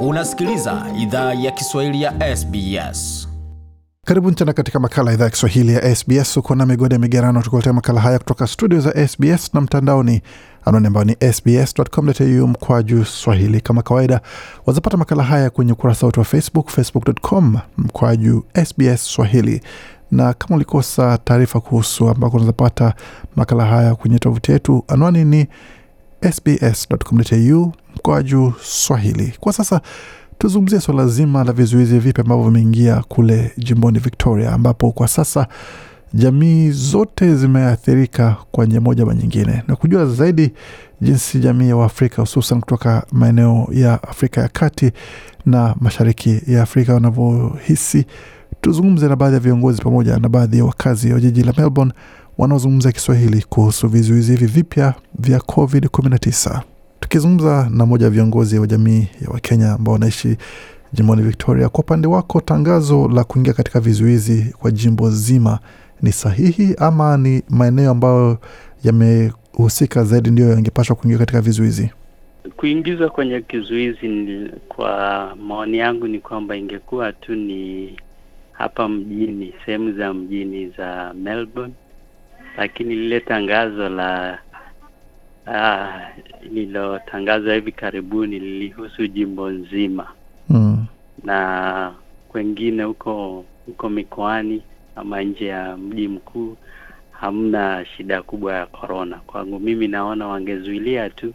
Unasikiliza idhaa ya Kiswahili ya SBS. Karibuni tena katika makala idhaa ya Kiswahili ya SBS. Uko na Migode ya migerano, tukuletea makala haya kutoka studio za SBS na mtandaoni, anwani ambayo ni sbs.com.au juu swahili. Kama kawaida, wazapata makala haya kwenye ukurasa wetu wa Facebook, facebook.com juu SBS swahili na kama ulikosa taarifa kuhusu ambako unazapata makala haya kwenye tovuti yetu, anwani ni sbs.com.au kwa juu Swahili. Kwa sasa tuzungumzie swala so zima la vizuizi vipi ambavyo vimeingia kule jimboni Victoria, ambapo kwa sasa jamii zote zimeathirika kwa njia moja ma nyingine, na kujua zaidi jinsi jamii ya Waafrika hususan kutoka maeneo ya Afrika ya kati na mashariki ya Afrika wanavyohisi, tuzungumze na baadhi ya viongozi pamoja na baadhi ya wakazi wa jiji la Melbourne wanaozungumza Kiswahili kuhusu vizuizi hivi vipya vya COVID-19. Tukizungumza na mmoja wa viongozi wa jamii ya Wakenya ambao wanaishi jimboni Victoria, kwa upande wako, tangazo la kuingia katika vizuizi kwa jimbo zima ni sahihi ama ni maeneo ambayo yamehusika zaidi ndiyo yangepashwa kuingia katika vizuizi? Kuingizwa kwenye kizuizi ni, kwa maoni yangu ni kwamba ingekuwa tu ni hapa mjini, sehemu za mjini za Melbourne lakini lile tangazo la ah, lilotangazwa hivi karibuni lilihusu jimbo nzima mm. na kwengine huko huko mikoani ama nje ya mji mkuu hamna shida kubwa ya korona. Kwangu mimi naona wangezuilia tu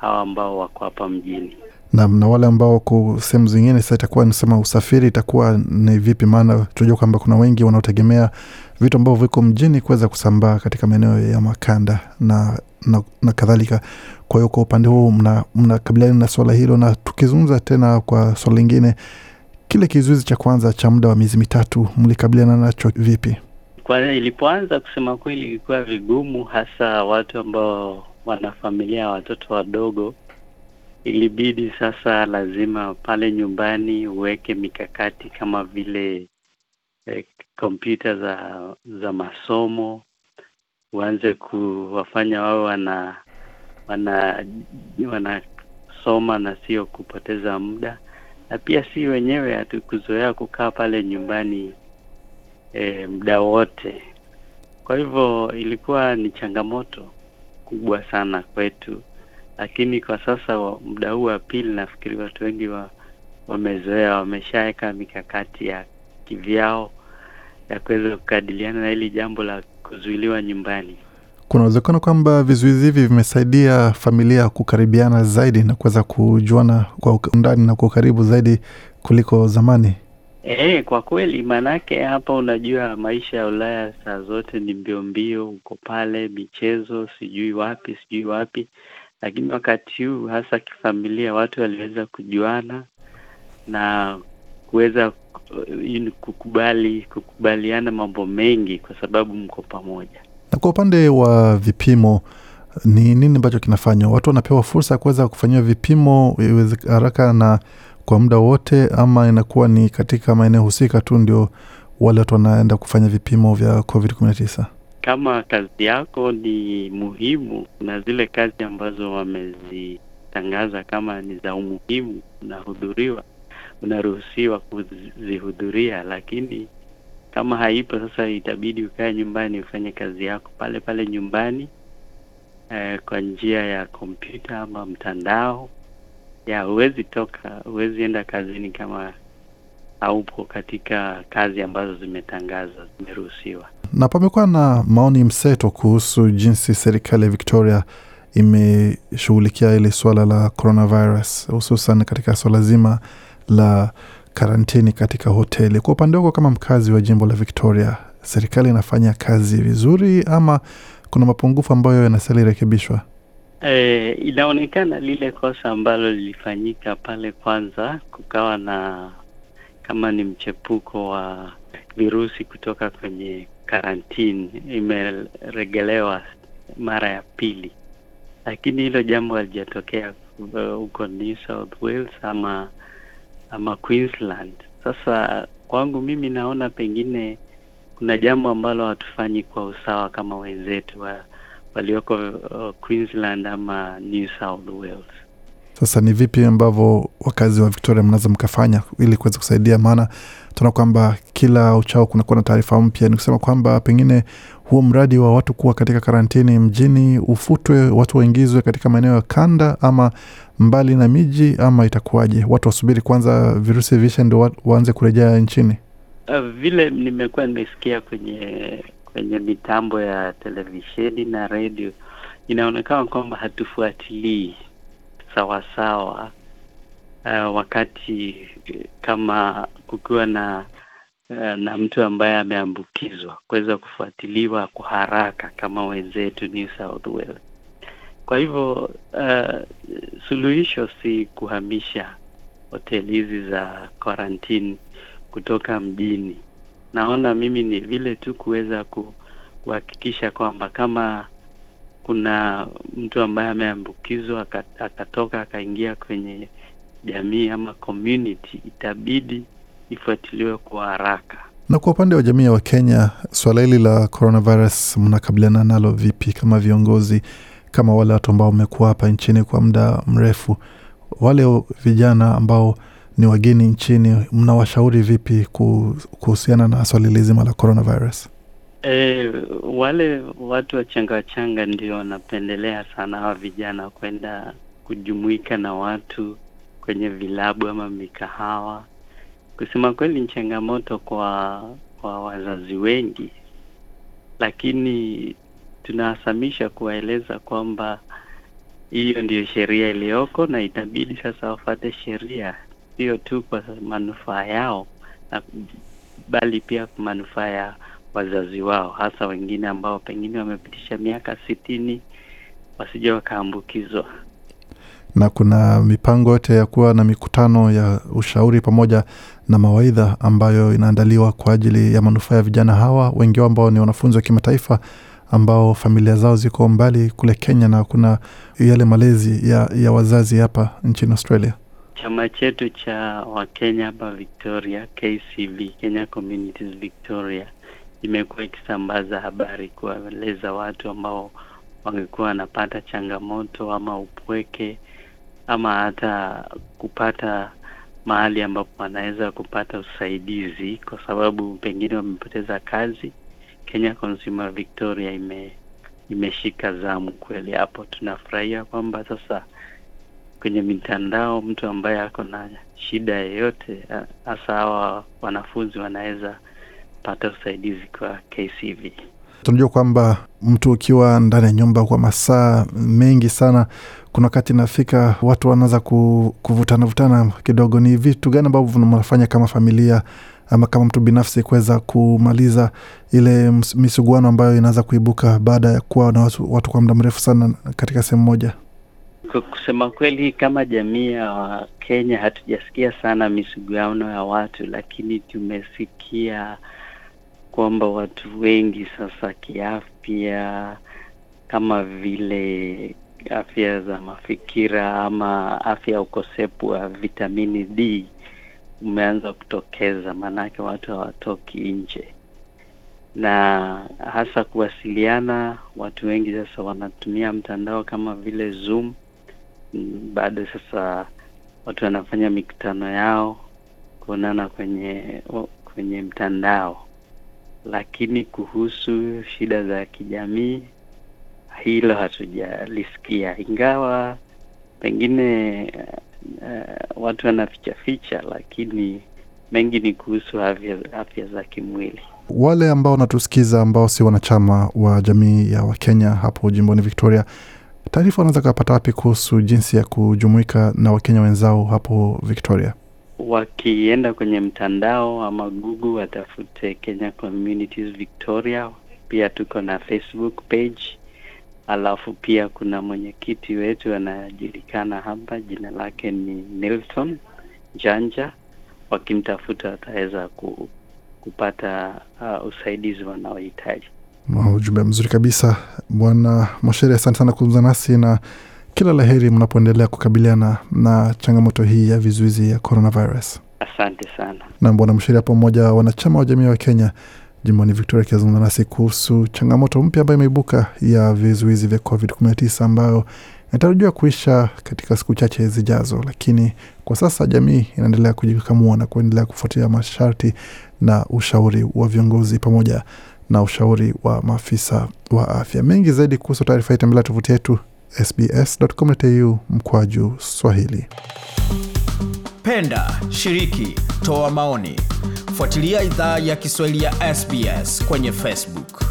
hawa ambao wako hapa mjini na, na wale ambao wako sehemu zingine, sasa itakuwa nasema usafiri itakuwa ni vipi? Maana tunajua kwamba kuna wengi wanaotegemea vitu ambavyo viko mjini kuweza kusambaa katika maeneo ya makanda na, na, na kadhalika. Kwa hiyo kwa upande huu mnakabiliana mna na swala hilo, na tukizungumza tena kwa swala lingine, kile kizuizi cha kwanza cha muda wa miezi mitatu mlikabiliana nacho vipi? ilipoanza, kusema kweli, ilikuwa vigumu, hasa watu ambao wanafamilia watoto wadogo ilibidi sasa lazima pale nyumbani uweke mikakati kama vile eh, kompyuta eh, za za masomo uanze kuwafanya wao wana wana wanasoma na sio kupoteza muda, na pia si wenyewe hatukuzoea kukaa pale nyumbani eh, muda wote. Kwa hivyo ilikuwa ni changamoto kubwa sana kwetu lakini kwa sasa muda huu wa pili nafikiri watu wengi wa, wamezoea wameshaweka mikakati ya kivyao ya kuweza kukadiliana na hili jambo la kuzuiliwa nyumbani. Kuna uwezekano kwamba vizuizi hivi vimesaidia familia kukaribiana zaidi na kuweza kujuana kwa undani na kwa ukaribu zaidi kuliko zamani. E, kwa kweli, maanaake hapa unajua maisha ya Ulaya saa zote ni mbiombio huko uko pale michezo, sijui wapi sijui wapi, lakini wakati huu hasa kifamilia, watu waliweza kujuana na kuweza eh, kukubali kukubaliana mambo mengi kwa sababu mko pamoja. Na kwa upande wa vipimo ni nini ambacho kinafanywa? Watu wanapewa fursa ya kuweza kufanyiwa vipimo haraka na kwa muda wote, ama inakuwa ni katika maeneo husika tu ndio wale watu wanaenda kufanya vipimo vya COVID-19? kama kazi yako ni muhimu, kuna zile kazi ambazo wamezitangaza kama ni za umuhimu, unahudhuriwa, unaruhusiwa kuzihudhuria, lakini kama haipo sasa, itabidi ukae nyumbani ufanye kazi yako pale pale nyumbani eh, kwa njia ya kompyuta ama mtandao. Ya huwezi toka, huwezi enda kazini kama haupo katika kazi ambazo zimetangazwa, zimeruhusiwa na pamekuwa na maoni mseto kuhusu jinsi serikali ya Victoria imeshughulikia ili suala la coronavirus, hususan katika swala zima la karantini katika hoteli. Kwa upande wako, kama mkazi wa jimbo la Victoria, serikali inafanya kazi vizuri ama kuna mapungufu ambayo yanastahili rekebishwa? E, eh, inaonekana lile kosa ambalo lilifanyika pale, kwanza kukawa na kama ni mchepuko wa virusi kutoka kwenye karantini imeregelewa mara ya pili, lakini hilo jambo halijatokea uh, huko New South Wales ama ama Queensland. Sasa kwangu mimi naona pengine kuna jambo ambalo hatufanyi kwa usawa kama wenzetu wa, walioko uh, Queensland ama New South Wales. Sasa ni vipi ambavyo wakazi wa Victoria mnaweza mkafanya ili kuweza kusaidia? Maana tuona kwamba kila uchao kunakuwa na taarifa mpya, ni kusema kwamba pengine huo mradi wa watu kuwa katika karantini mjini ufutwe, watu waingizwe katika maeneo ya kanda ama mbali na miji, ama itakuwaje? Watu wasubiri kwanza virusi viishe ndo waanze kurejea nchini? Uh, vile nimekuwa nimesikia kwenye kwenye mitambo ya televisheni na redio, inaonekana kwamba hatufuatilii sawasawa sawa. Uh, eh, wakati eh, kama kukiwa na uh, na mtu ambaye ameambukizwa kuweza kufuatiliwa kwa haraka kama wenzetu New South Wales. Kwa hivyo uh, suluhisho si kuhamisha hoteli hizi za quarantine kutoka mjini. Naona mimi ni vile tu kuweza kuhakikisha kwamba kama kuna mtu ambaye ameambukizwa akatoka akaingia kwenye jamii ama community, itabidi ifuatiliwe kwa haraka. Na kwa upande wa jamii wa Kenya, suala hili la coronavirus mnakabiliana nalo vipi kama viongozi, kama wale watu ambao wamekuwa hapa nchini kwa muda mrefu, wale vijana ambao ni wageni nchini, mnawashauri vipi kuhusiana na swali lizima la coronavirus? E, wale watu wachanga changa ndio wanapendelea sana hawa vijana kwenda kujumuika na watu kwenye vilabu ama mikahawa. Kusema kweli ni changamoto kwa kwa wazazi wengi, lakini tunahasamisha kuwaeleza kwamba hiyo ndiyo sheria iliyoko na itabidi sasa wafate sheria, sio tu kwa manufaa yao na bali pia manufaa ya wazazi wao, hasa wengine ambao pengine wamepitisha miaka sitini wasije wakaambukizwa. Na kuna mipango yote ya kuwa na mikutano ya ushauri pamoja na mawaidha ambayo inaandaliwa kwa ajili ya manufaa ya vijana hawa, wengi wao ambao ni wanafunzi wa kimataifa ambao familia zao ziko mbali kule Kenya na kuna yale malezi ya, ya wazazi hapa nchini Australia. Chama chetu cha Wakenya hapa Victoria, KCV, Kenya Communities Victoria, imekuwa ikisambaza habari kuwaeleza watu ambao wangekuwa wanapata changamoto ama upweke ama hata kupata mahali ambapo wanaweza kupata usaidizi, kwa sababu pengine wamepoteza kazi. Kenya Consumer Victoria ime imeshika zamu kweli hapo. Tunafurahia kwamba sasa kwenye mitandao mtu ambaye ako na shida yeyote, hasa hawa wanafunzi wanaweza apate usaidizi kwa KCV. Tunajua kwamba mtu ukiwa ndani ya nyumba kwa masaa mengi sana, kuna wakati inafika watu wanaanza kuvutanavutana kidogo. Ni vitu gani ambavyo mnafanya kama familia ama kama mtu binafsi kuweza kumaliza ile misuguano ambayo inaweza kuibuka baada ya kuwa na watu, watu kwa muda mrefu sana katika sehemu moja? Kwa kusema kweli, kama jamii ya Wakenya hatujasikia sana misuguano ya watu, lakini tumesikia kwamba watu wengi sasa kiafya kama vile afya za mafikira ama afya ya ukosefu wa vitamini D umeanza kutokeza, maanake watu hawatoki nje na hasa kuwasiliana. Watu wengi sasa wanatumia mtandao kama vile Zoom. Bado sasa watu wanafanya mikutano yao kuonana kwenye kwenye mtandao lakini kuhusu shida za kijamii hilo hatujalisikia, ingawa pengine uh, watu wanafichaficha, lakini mengi ni kuhusu afya, afya za kimwili. Wale ambao wanatusikiza ambao si wanachama wa jamii ya Wakenya hapo jimboni Victoria, taarifa wanaweza kapata wapi kuhusu jinsi ya kujumuika na Wakenya wenzao hapo Victoria? wakienda kwenye mtandao ama Google watafute Kenya Communities Victoria. Pia tuko na Facebook page, alafu pia kuna mwenyekiti wetu anajulikana hapa, jina lake ni Nelson Janja. Wakimtafuta wataweza ku, kupata uh, usaidizi wanaohitaji. Ujumbe mzuri kabisa, Bwana Mwashere, asante sana kuzungumza nasi na kila la heri mnapoendelea kukabiliana na changamoto hii ya vizuizi ya coronavirus. Asante sana. Na Bwana mshiria pamoja wanachama wa jamii wa Kenya jimboni Victoria, akizungumza nasi kuhusu changamoto mpya ambayo imeibuka ya vizuizi vya COVID-19 ambayo inatarajiwa kuisha katika siku chache zijazo, lakini kwa sasa jamii inaendelea kujikamua na kuendelea kufuatia masharti na ushauri wa viongozi pamoja na ushauri wa maafisa wa afya. Mengi zaidi kuhusu taarifa hii, tembelea tovuti yetu sbs.com.au mkwaju Swahili. Penda, shiriki, toa maoni, fuatilia idhaa ya Kiswahili ya SBS kwenye Facebook.